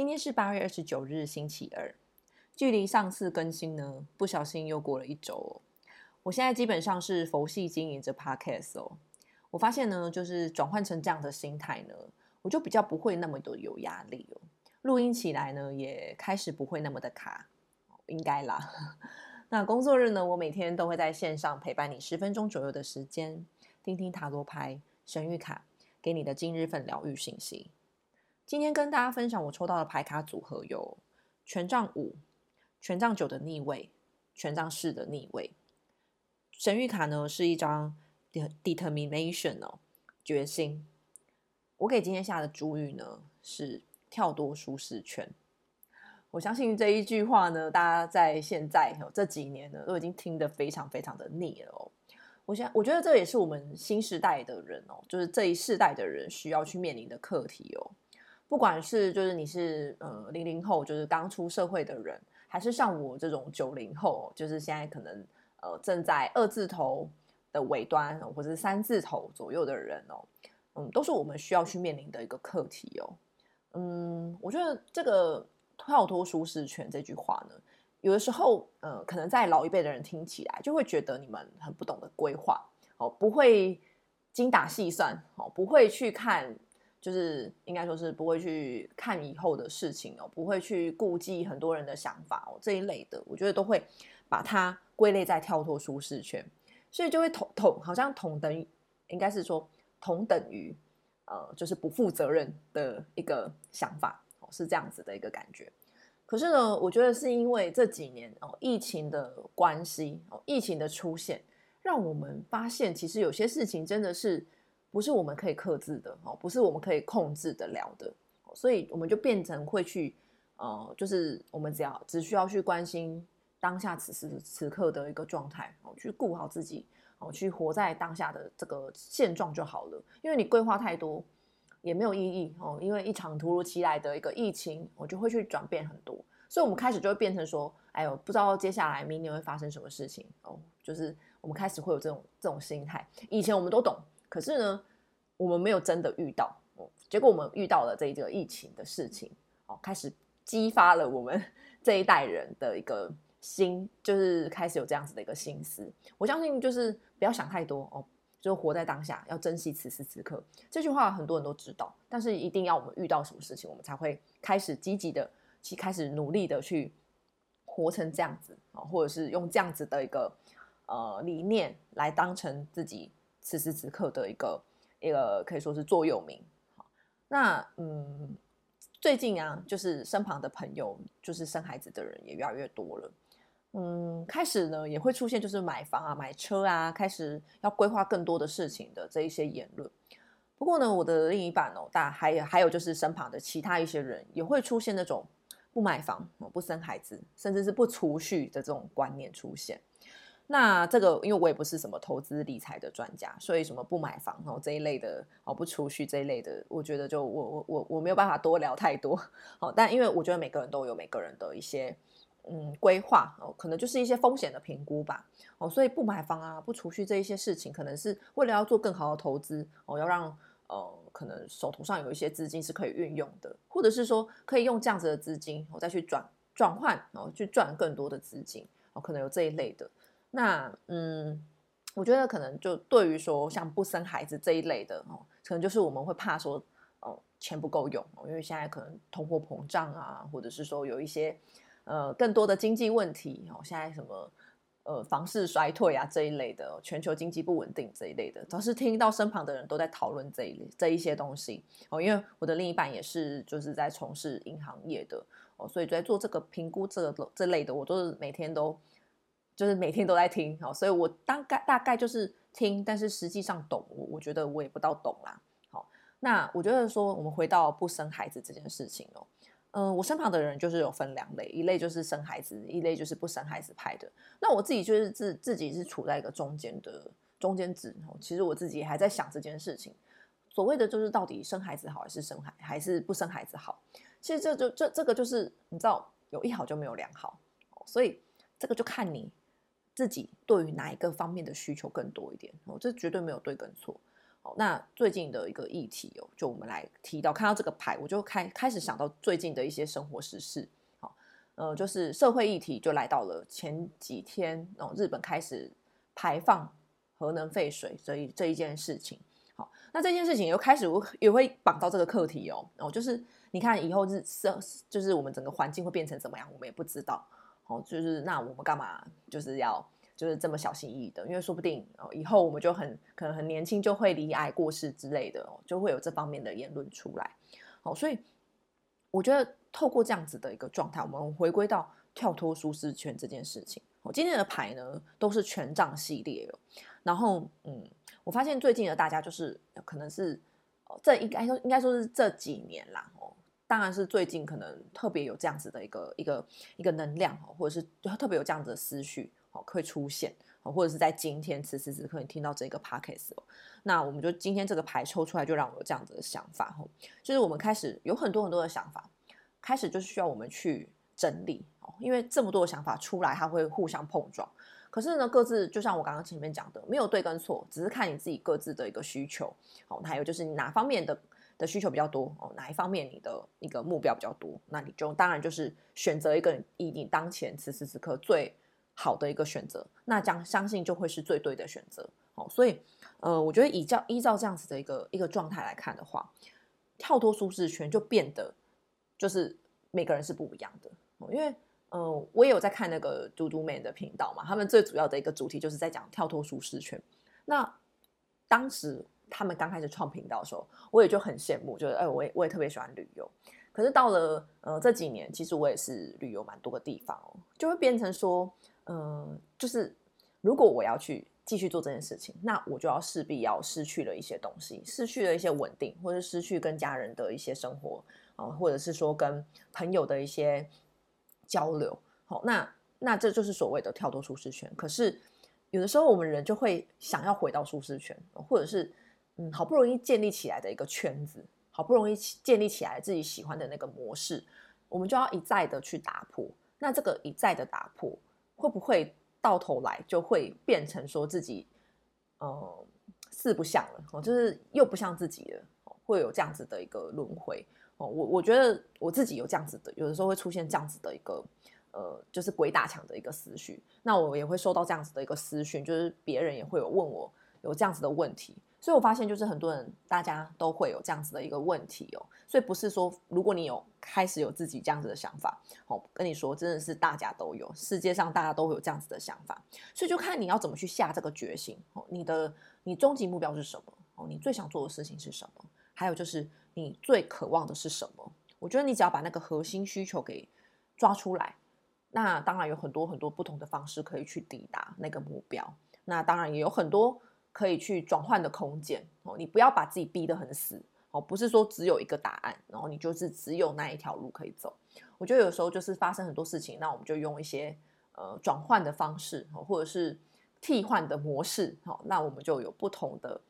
今天是八月二十九日，星期二。距離上次更新呢，不小心又過了一週、哦。我現在基本上是佛系經營這 podcast 哦。我發現呢，就是轉換成這樣的心態呢，我就比較不會那麼多有壓力、哦、錄音起來呢，也開始不會那麼的卡，應該啦。 那工作日呢，我每天都會在線上陪伴你十分鐘左右的時間，聽聽塔羅牌、神諭卡，給你的今日份療癒信息。今天跟大家分享我抽到的牌卡組合有權杖五、權杖九的逆位、權杖四的逆位。神諭卡呢是一張 determination 哦，決心。我給今天下的主語呢是跳脫舒適圈。我相信這一句話呢，大家在現在這幾年呢都已經聽得非常非常的膩了哦，我想，我覺得這也是我們新時代的人哦，就是這一世代的人需要去面臨的課題哦。不管是就是你是呃零零後，就是剛出社會的人，還是像我這種九零後，就是現在可能呃正在二字頭的尾端，或者是三字頭左右的人哦，嗯，都是我們需要去面臨的一個課題哦。嗯，我覺得這個跳脫，脫舒適圈這句話呢，有的時候呃，可能在老一輩的人聽起來，就會覺得你們很不懂得規劃哦，不會精打細算哦，不會去看。就是應該說是不會去看以後的事情哦，不會去顧及很多人的想法哦，這一類的，我覺得都會把它歸類在跳脫舒適圈，所以就會同同好像同等，應該是說同等於呃，就是不負責任的一個想法哦，是這樣子的一個感覺。可是呢，我覺得是因為這幾年哦疫情的關係哦疫情的出現，讓我們發現其實有些事情真的是。不是我們可以克制的哦，不是我們可以控制得了的，所以我們就變成會去，呃，就是我們只要只需要去關心當下此時此刻的一個狀態哦，去顧好自己哦，去活在當下的這個現狀就好了。因為你規劃太多也沒有意義哦，因為一場突如其來的一個疫情，我就會去轉變很多，所以我們開始就會變成說，哎呦，不知道接下來明年會發生什麼事情哦，就是我們開始會有這種這種心態，以前我們都懂。可是呢，我們沒有真的遇到哦，結果我們遇到了這一個疫情的事情，哦，開始激發了我們這一代人的一個心，就是開始有這樣子的一個心思。我相信，就是不要想太多哦，就活在當下，要珍惜此時此刻。這句話很多人都知道，但是一定要我們遇到什麼事情，我們才會開始積極的去，開始努力的去活成這樣子哦，或者是用這樣子的一個呃理念來當成自己此時此刻的一個一個可以說是座右銘。好，那嗯，最近啊，就是身旁的朋友，就是生孩子的人也越來越多了。嗯，開始呢也會出現就是買房啊、買車啊，開始要規劃更多的事情的這一些言論。不過呢，我的另一半哦，大，還有還有就是身旁的其他一些人也會出現那種不買房、不生孩子，甚至是不儲蓄的這種觀念出現。那這個，因為我也不是什麼投資理財的專家，所以什麼不買房哦這一類的哦不儲蓄這一類的，我覺得就我我我我沒有辦法多聊太多哦。但因為我覺得每個人都有每個人的一些嗯規劃哦，可能就是一些風險的評估吧哦，所以不買房啊不儲蓄這一些事情，可能是為了要做更好的投資哦，要讓哦、呃、可能手頭上有一些資金是可以運用的，或者是說可以用這樣子的資金我、哦、再去轉轉換哦去賺更多的資金哦，可能有這一類的。那嗯，我覺得可能就對於說像不生孩子這一類的哦，可能就是我們會怕說哦錢不夠用哦，因為現在可能通貨膨脹啊，或者是說有一些呃更多的經濟問題哦，現在什麼呃房市衰退啊這一類的，哦，全球經濟不穩定這一類的，要是聽到身旁的人都在討論這一類這一些東西哦，因為我的另一半也是就是在從事銀行業的哦，所以在做這個評估這個這類的，我都是每天都。就是每天都在聽，好，所以我大概大概就是聽，但是實際上懂，我我覺得我也不到懂啦，好，那我覺得說我們回到不生孩子這件事情哦，嗯、呃，我身旁的人就是有分兩類，一類就是生孩子，一類就是不生孩子派的，那我自己就是自自己是處在一個中間的中間值，哦，其實我自己還在想這件事情，所謂的就是到底生孩子好還是生孩還是不生孩子好，其實這就這這個就是你知道有一好就沒有兩好，所以這個就看你。自己對於哪一個方面的需求更多一點？哦，這絕對沒有對跟錯。哦，那最近的一個議題哦，就我們來提到，看到這個牌，我就開開始想到最近的一些生活時事。好、呃，就是社會議題就來到了前幾天哦，日本開始排放核能廢水，所以這一件事情。好，那這件事情又開始我也會綁到這個課題哦。哦，就是你看以後日是，就是我們整個環境會變成怎麼樣，我們也不知道。哦，就是那我們幹嘛就是要就是這麼小心翼翼的？因為說不定，哦，以後我們就很可能很年輕就會罹癌過世之類的，哦，就會有這方面的言論出來。哦，所以我覺得透過這樣子的一個狀態，我們回歸到跳脫舒適圈這件事情。哦，今天的牌呢都是權杖系列哦。然後，嗯，我發現最近的大家就是可能是這應該說應該說是這幾年啦。當然是最近可能特別有這樣子的一個一個一個能量哦，或者是就特別有這樣子的思緒哦，會出現哦，或者是在今天此時此刻你聽到這個 podcast 哦，那我們就今天這個牌抽出來，就讓我有這樣子的想法哦，就是我們開始有很多很多的想法，開始就是需要我們去整理哦，因為這麼多的想法出來，它會互相碰撞。可是呢，各自就像我剛剛前面講的，沒有對跟錯，只是看你自己各自的一個需求哦，還有就是你哪方面的。的需求比較多哦，哪一方面你的一個目標比較多，那你就當然就是選擇一個以你當前此時此刻最好的一個選擇，那將相信就會是最對的選擇哦。所以呃，我覺得以照依照這樣子的一個一個狀態來看的話，跳脫舒適圈就變得就是每個人是不一樣的。因為嗯、呃，我也有在看那個嘟嘟 man 的頻道嘛，他們最主要的一個主題就是在講跳脫舒適圈。那當時。他們剛開始創頻道的時候，我也就很羨慕，就是哎，我也我也特別喜歡旅遊。可是到了呃這幾年，其實我也是旅遊蠻多個地方哦，就會變成說，嗯、呃，就是如果我要去繼續做這件事情，那我就要勢必要失去了一些東西，失去了一些穩定，或者失去跟家人的一些生活啊、哦，或者是說跟朋友的一些交流。好、哦，那那這就是所謂的跳脫舒適圈。可是有的時候我們人就會想要回到舒適圈，哦、或者是。嗯，好不容易建立起來的一個圈子，好不容易建立起來自己喜歡的那個模式，我們就要一再的去打破。那這個一再的打破，會不會到頭來就會變成說自己，呃，四不像了？哦，就是又不像自己了，哦，會有這樣子的一個輪回。哦，我我覺得我自己有這樣子的，有的時候會出現這樣子的一個，呃，就是鬼打牆的一個思緒。那我也會收到這樣子的一個私訊，就是別人也會有問我。有這樣子的問題，所以我發現就是很多人，大家都會有這樣子的一個問題哦。所以不是說如果你有開始有自己這樣子的想法，哦，跟你說真的是大家都有，世界上大家都會有這樣子的想法。所以就看你要怎麼去下這個決心哦。你的你終極目標是什麼哦？你最想做的事情是什麼？還有就是你最渴望的是什麼？我覺得你只要把那個核心需求給抓出來，那當然有很多很多不同的方式可以去抵達那個目標。那當然也有很多。可以去轉換的空間哦，你不要把自己逼得很死哦，不是說只有一個答案，然後你就是只有那一條路可以走。我覺得有時候就是發生很多事情，那我們就用一些呃轉換的方式，或者是替換的模式，那我們就有不同的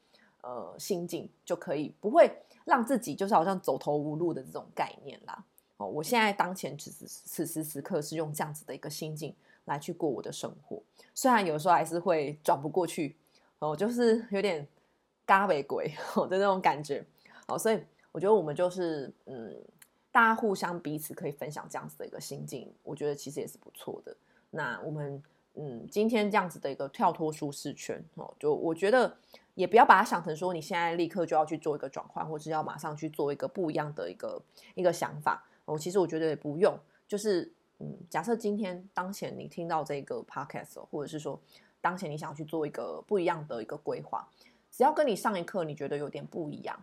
呃心境，就可以不會讓自己就是好像走投無路的這種概念啦。哦，我現在當前此時此時此刻是用這樣子的一個心境來去過我的生活，雖然有時候還是會轉不過去。哦，就是有點嘎尾鬼的那種感覺哦，所以我覺得我們就是嗯，大家互相彼此可以分享這樣子的一個心境，我覺得其實也是不錯的。那我們嗯，今天這樣子的一個跳脫舒適圈哦，就我覺得也不要把它想成說你現在立刻就要去做一個轉換，或者是要馬上去做一個不一樣的一個一個想法我，哦，其實我覺得也不用，就是嗯，假設今天當前你聽到這個 podcast，哦，或者是說。當前你想要去做一個不一樣的一個規劃，只要跟你上一刻你覺得有點不一樣，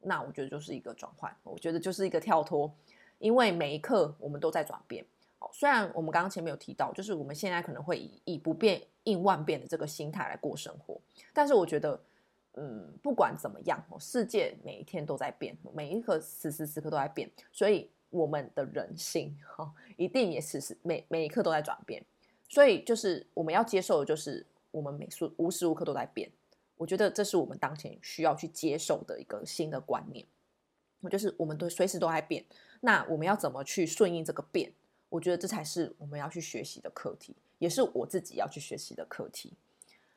那我覺得就是一個轉換，我覺得就是一個跳脫，因為每一刻我們都在轉變。雖然我們剛剛前面有提到，就是我們現在可能會以以不變應萬變的這個心態來過生活，但是我覺得，嗯，不管怎麼樣，世界每一天都在變，每一刻時時刻刻都在變，所以我們的人性哈，一定也時時每每一刻都在轉變。所以，就是我們要接受的，就是我們每時無時無刻都在變。我覺得這是我們當前需要去接受的一個新的觀念。我就是我們都隨時都在變，那我們要怎麼去順應這個變？我覺得這才是我們要去學習的課題，也是我自己要去學習的課題。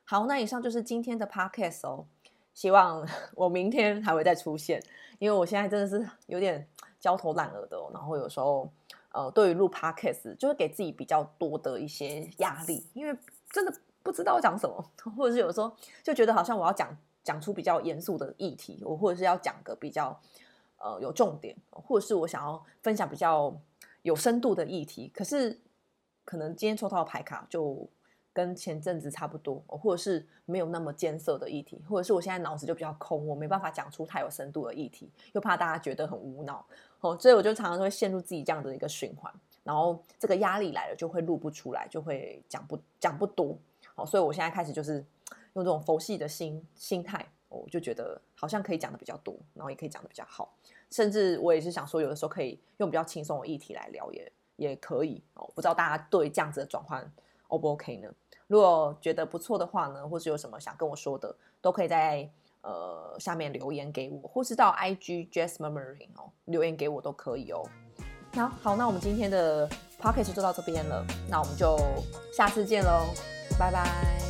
好，那以上就是今天的 podcast 哦。希望我明天還會再出現，因為我現在真的是有點焦頭爛額的哦。然後有時候。呃，對於錄 podcast 就會給自己比較多的一些壓力，因為真的不知道講什麼，或者是有時候就覺得好像我要講講出比較嚴肅的議題，我或者是要講個比較、呃、有重點，或者是我想要分享比較有深度的議題，可是可能今天抽到的牌卡就跟前陣子差不多，或者是沒有那麼艱澀的議題，或者是我現在腦子就比較空，我沒辦法講出太有深度的議題，又怕大家覺得很無腦。哦，所以我就常常會陷入自己這樣的一個循環，然後這個壓力來了就會錄不出來，就會講不講不多、哦。所以我現在開始就是用這種佛系的心心態，我、哦、就覺得好像可以講的比較多，然後也可以講的比較好，甚至我也是想說，有的時候可以用比較輕鬆的議題來聊，也也可以。哦，不知道大家對於這樣子的轉換，O、哦、不 OK 呢？如果覺得不錯的話呢，或是有什麼想跟我說的，都可以在。呃，下面留言給我，或是到 IG JsMurmuring 哦，留言給我都可以哦。好好，那我們今天的 Podcast 做到這邊了，那我們就下次見嘍，拜拜。